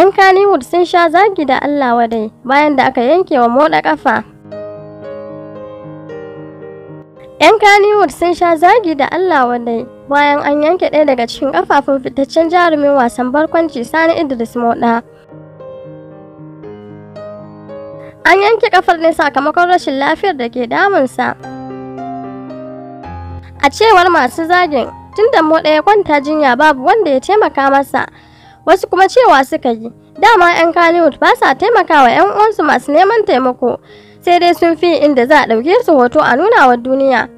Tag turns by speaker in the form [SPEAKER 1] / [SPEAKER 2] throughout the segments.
[SPEAKER 1] 'Yan Kaniwood sun sha zagi da Allah wadai bayan da aka yanke wa moɗa ƙafa. 'Yan Kaniwood sun sha zagi da Allah wadai bayan an yanke ɗaya daga cikin ƙafafun fitaccen jarumin wasan barkwanci Sani Idris Moɗa. An yanke ƙafar ne sakamakon rashin lafiyar da ke damunsa. A cewar masu zagin, tun da moɗa ya kwanta jinya babu wanda ya taimaka masa. wasu kuma cewa suka yi dama 'yan kaniwood ba sa taimakawa 'yan uwansu masu neman taimako sai dai sun fi inda za a ɗauke su hoto a nuna wa duniya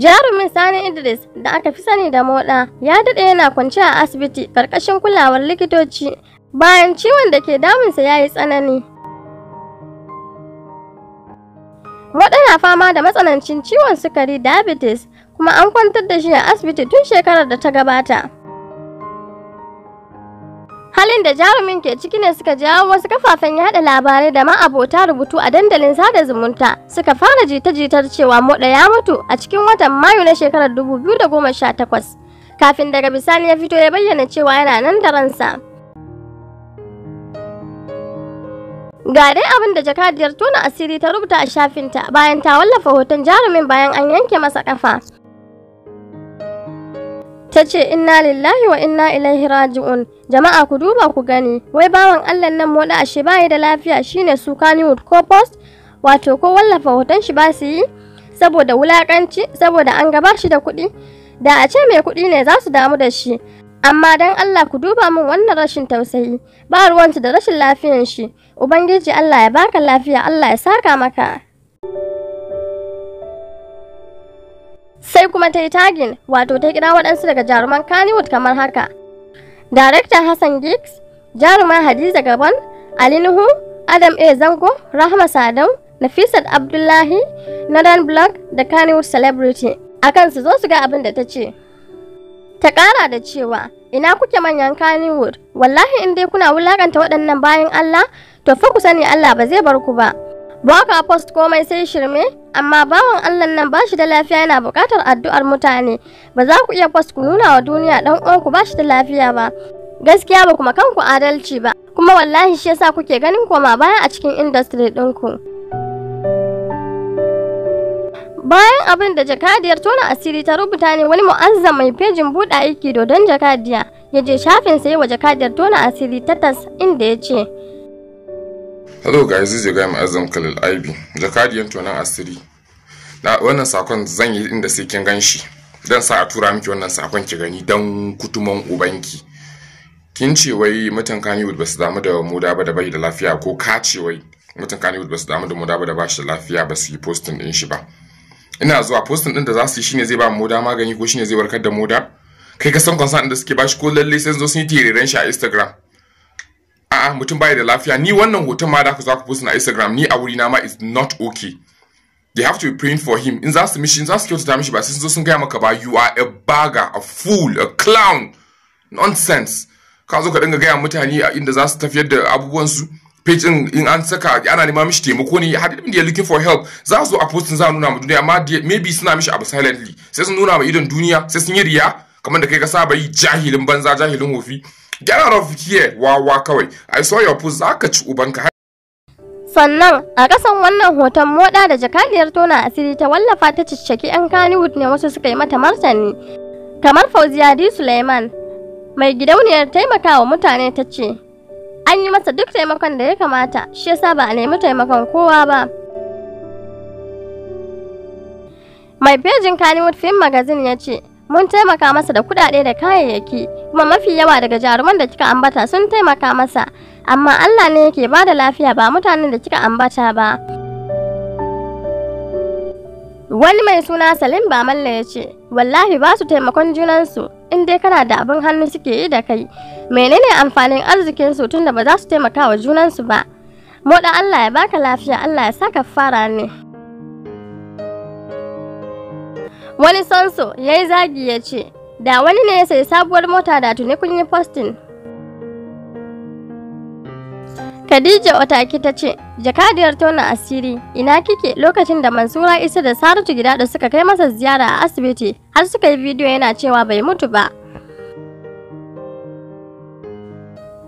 [SPEAKER 1] jarumin sani idris da aka fi sani da moda ya daɗe yana kwance a asibiti ƙarƙashin kulawar likitoci bayan ciwon da ke damunsa ya yi tsanani moda na fama da matsanancin ciwon sukari diabetes kuma an kwantar da shi a asibiti tun shekarar da ta gabata. Halin da jarumin ke ciki ne suka jawo wasu kafafen yaɗa labarai da ma'abota rubutu a dandalin sada zumunta suka fara jita-jitar cewa moda ya mutu a cikin watan Mayu na shekarar 2018 kafin daga bisani ya fito ya bayyana cewa yana nan da ransa. Ga dai abin da jakadiyar tona asiri ta rubuta a shafinta bayan ta wallafa hoton jarumin bayan an yanke masa kafa. ta ce inna lillahi wa inna ilaihi raji'un jama'a ku duba ku gani wai bawan allah nan moda ashe bayi da lafiya shine su kaniwood ko post wato ko wallafa hoton shi ba su yi saboda wulakanci saboda an gabar shi da kuɗi da a ce mai kuɗi ne za su damu da shi amma dan allah ku duba min wannan rashin tausayi ba ruwanta da rashin lafiyan shi ubangiji allah ya baka lafiya allah ya saka maka sai kuma ta yi tagin wato ta kira waɗansu daga jaruman Kannywood kamar haka. darakta Hassan Giggs, jaruman Hadiza Gabon, alinuhu Adam A. Zango, Rahma Sadau, Nafisat Abdullahi, na Northern Block da Kannywood Celebrity. a kan su zo su ga abin da ta ce. Ta kara da cewa, ina kuke manyan Kannywood, wallahi in dai kuna wulakanta waɗannan bayan Allah, to fa ku sani Allah ba zai bar ku ba. ba ka post komai sai shirme amma bawan Allah nan ba shi da lafiya yana bukatar addu'ar mutane ba za ku iya post ku nuna wa duniya dan uwanku ba shi da lafiya ba gaskiya ba kuma kanku adalci ba kuma wallahi shi yasa kuke ganin koma baya a cikin industry ɗinku. bayan abin da jakadiyar tona asiri ta rubuta ne wani mu'azza mai fejin buɗa aiki dodon jakadiya ya je shafin sai wa jakadiyar tona asiri ta tas inda ya ce
[SPEAKER 2] hello guys this is your guy ma'azam khalil ib jakadiyan tonan asiri na wannan sakon zan yi inda sai kin ganshi dan sa a tura miki wannan sakon ki gani dan kutuman ubanki kin ce wai mutan kaniwood ba su damu da mu da ba da bai da lafiya ko ka ce wai mutan kaniwood ba su damu da mu da ba da ba shi da lafiya ba su yi postin din shi ba ina zuwa postin din da za su yi shine zai ba mu da magani ko shine zai warkar da mu da kai ka san concern da suke bashi ko lalle sai zo sun yi tireren shi a instagram a'a mutum bai da lafiya ni wannan hoton ma da ku za ku post na Instagram ni a wuri na ma is not okay they have to be praying for him in za su mishi in za su kyautata mishi ba sai sun zo sun gaya maka ba you are a bagger a fool a clown nonsense ka zo ka dinga gaya mutane a inda za su tafiyar da su page in in an saka ana nema mishi taimako ne har inda ya looking for help za su a post za nuna ma duniya amma maybe suna mishi abu silently sai sun nuna ma idon duniya sai sun yi riya kamar da kai ka saba yi jahilin banza jahilin hofi Get out of here, wawa kawai. I saw your post zaka ci ubanka
[SPEAKER 1] Sannan a kasan wannan hoton moda da jakadiyar tona asiri ta wallafa ta cicciki 'yan Kannywood ne wasu suka yi mata martani. Kamar Fauziya D. Suleiman, mai gidauniyar taimakawa mutane ta ce, An yi masa duk taimakon da ya kamata, shi yasa ba a nemi taimakon kowa ba. Mai fejin Kannywood Film Magazine ya ce, mun taimaka masa da kuɗaɗe da kayayyaki kuma mafi yawa daga jaruman da kika ambata sun taimaka masa amma Allah ne yake ba da lafiya ba mutanen da kika ambata ba wani mai suna salim ba Malla ya ce wallahi ba su taimakon junansu in dai kana da abin hannu suke yi da kai menene amfanin arzikinsu tunda ba za su taimaka wa junansu ba moda Allah ya baka lafiya Allah ya saka fara ne Wani sanso ya yi zagi ya ce, da wani ne ya sayi sabuwar mota da tuni kun yi postin. Khadija Otaki ta ce, jakadiyar tona asiri, ina kike lokacin da Mansura Isa da Saratu gida da suka kai masa ziyara a asibiti har suka yi bidiyo yana cewa bai mutu ba.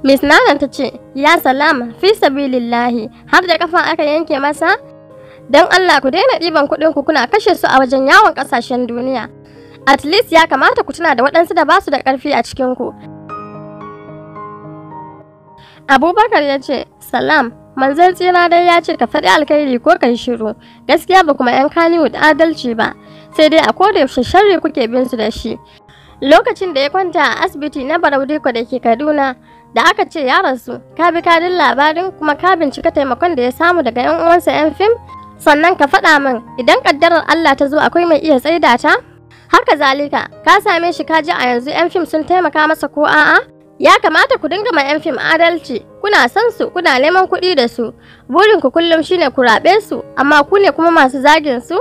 [SPEAKER 1] Miss Nana ta ce, Ya salam, fi sabilillahi, har da ƙafa aka yanke masa? Don Allah ku daina ɗiban kuɗin ku kuna kashe su a wajen yawon ƙasashen duniya. At least ya kamata ku tuna da waɗansu da ba su da ƙarfi a cikin ku. Abubakar ya ce, Salam, manzon tsira dai ya ce ka faɗi alkhairi ko kai shiru, gaskiya ba kuma 'yan da adalci ba, sai dai a koda yaushe sharri kuke bin su da shi. Lokacin da ya kwanta a asibiti na Baraudiko da ke Kaduna, da aka ce ya rasu, ka bi kadin labarin kuma ka bincika taimakon da ya samu daga 'yan uwansa 'yan fim, sannan ka faɗa min idan ƙaddarar Allah ta zo akwai mai iya tsaida ta? Haka zalika, ka same shi ka ji a yanzu 'yan fim sun taimaka masa ko a'a? Ya kamata ku dinga ma 'yan fim adalci, kuna son su, kuna neman kuɗi da su, ku kullum shine ku raɓe su, amma ku ne kuma masu zagin su,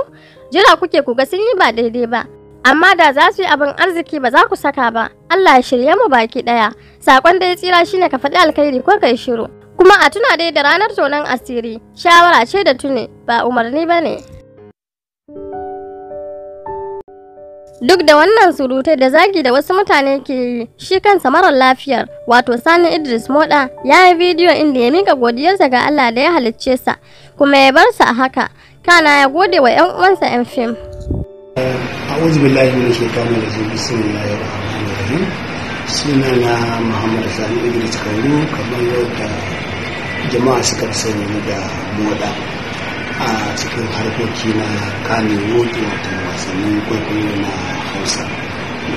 [SPEAKER 1] jira kuke ku ga sun yi ba daidai ba. Amma da za su yi abin arziki ba za ku saka ba, Allah ya shirye mu baki ɗaya. sakon da ya tsira shine ka faɗi alkhairi ko kai shiru. kuma a tuna dai da ranar tonon asiri shawara ce da tuni ba umarni ba ne duk da wannan surutai da zagi da wasu mutane ke yi shi kansa marar lafiyar wato sani idris moda ya yi bidiyo inda ya mika godiyarsa ga allah da ya halicce sa kuma ya bar sa a haka kana ya gode wa 'yan uwansa 'yan fim
[SPEAKER 3] suna na muhammadu sani idris kamar yau da jama'a suka sanya ni da moda a cikin harkoki na kamin a wato wasannin kwaikwayo na hausa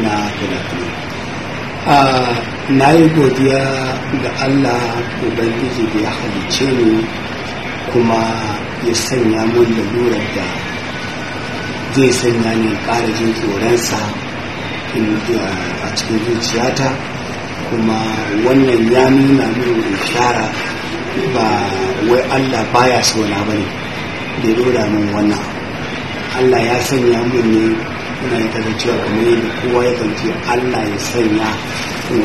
[SPEAKER 3] na fina na yi godiya ga allah ubangiji da ya halice ni kuma ya sanya mun lura da zai sanya ni ƙara jin tsoronsa a cikin zuciyata kuma wannan ya nuna min shara. ba wai allah baya so na bane da dora min wannan allah ya sanya mun ne ina ya kaga cewa kamar da kowa ya kanci allah ya sanya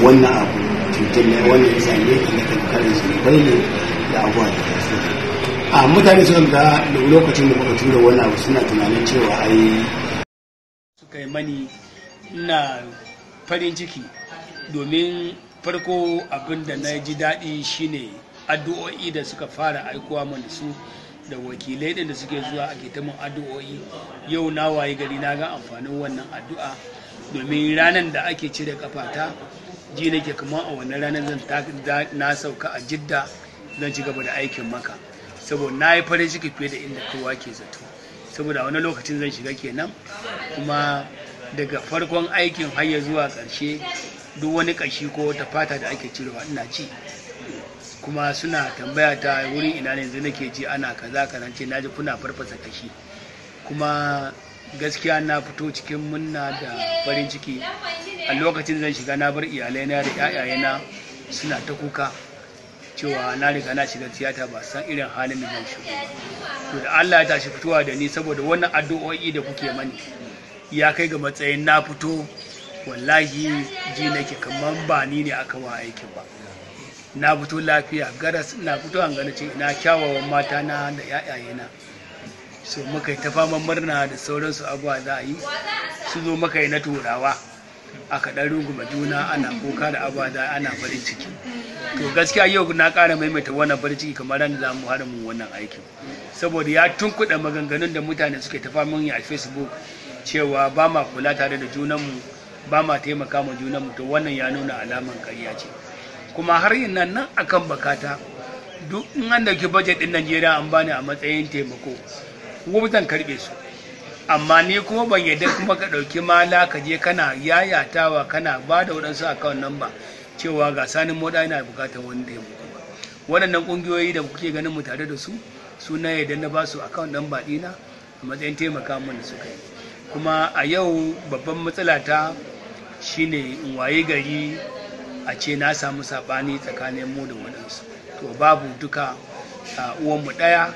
[SPEAKER 3] wannan abu cikin ne wannan ya ne ka na kankanin su bai ne da abuwa da ta a mutane sun da lokacin da muka tura wani abu suna tunanin cewa ai
[SPEAKER 4] suka yi mani ina farin ciki domin farko abin da na ji daɗi shine addu'o'i da suka fara aikowa mana su da wakilai ɗin da suke zuwa a ta mun addu'o'i yau na waye gari na ga amfanin wannan addu'a domin ranar da ake cire kafata ji nake kuma a wannan ranar zan na sauka a jidda zan ci gaba da aikin maka saboda na yi farin ciki fiye da inda kowa ke zato saboda wani lokacin zan shiga kenan kuma daga farkon aikin har zuwa ƙarshe duk wani ƙashi ko wata fata da ake cirewa ina ci kuma suna tambaya ta wurin ina ne yanzu nake ji ana kaza kaza ce ji kuna farfasa kashi kuma gaskiya na fito cikin munna da farin ciki a lokacin zan shiga na bar iyalai na da ƴaƴayena suna ta kuka cewa na riga na shiga tiyata ba san irin halin da zan shigo to da Allah ya tashi fitowa da ni saboda wannan addu'o'i da kuke mani ya kai ga matsayin na fito wallahi ji nake kamar ba ni ne aka wa aikin ba na fito lafiya garas na fito an gani ce ina kyawawan mata na da yayaye na so muka yi ta faman murna da sauransu abuwa za a yi su zo muka yi na turawa aka ɗan ba juna ana kuka da abuwa za ana farin ciki to gaskiya yau na ƙara maimaita wannan farin ciki kamar ran za mu hada mu wannan aiki. saboda ya tunkuɗa maganganun da mutane suke ta faman a facebook cewa ba ma kula tare da junanmu ba ma taimaka ma junanmu to wannan ya nuna alaman ƙarya ce kuma har yin nan nan akan bakata duk in an dauki budget din Najeriya an bani a matsayin taimako kuma zan karbe su amma ni kuma ban yadda kuma ka dauki mala ka je kana yayatawa kana ba da waɗansu account number cewa ga sanin moda yana bukatar wani taimako waɗannan ƙungiyoyi da kuke ganin mu tare da su suna yadda na ba su account number ɗina a matsayin taimaka mun da suka yi kuma a yau babban matsala ta shine in waye gari a ce na samu saɓani tsakanin mu da waɗansu to babu duka uwanmu ɗaya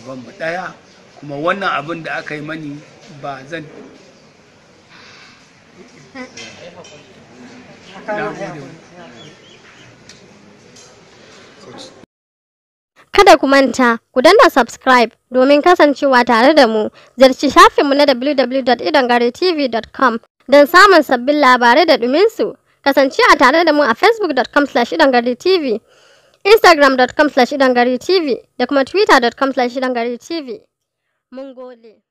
[SPEAKER 4] ubanmu ɗaya kuma wannan abin da aka yi mani ba zan
[SPEAKER 1] Kada ku manta, ku danna subscribe domin kasancewa tare da mu, zarci shafinmu na www.idongaretv.com don samun sabbin labarai da ɗuminsu Kasance a tare da mu a facebook.com slash tv instagram.com slash tv da kuma twitter.com slash tv Mun gode.